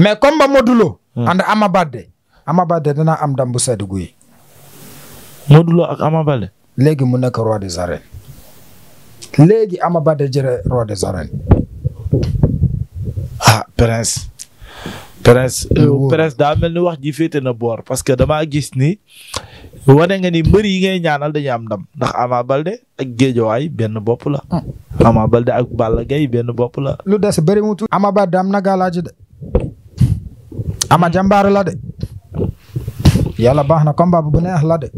mais combat Modou Lo. Hmm. ànd Ama Baldé Ama Baldé danaa am dam bu sedd guy. Modou ak Ama Baldé. léegi mu nekk roi des arènes léegi Ama Baldé jëre roi des arènes. ah prince. prince euh, prince daa mel ni wax ji féete na boor parce que damaa gis ni wane nga ni mbëri yi ngay ñaanal dañuy am ndam ndax Ama Baldé ak Géejawaay benn bopp la. Hmm. Ama Baldé ak Balla Gaye benn bopp la. lu des bëri mu tuuti. Ama Baldé am na gaalaaji de. ama jàmbaar la de yàlla baax na combat bu neex la de.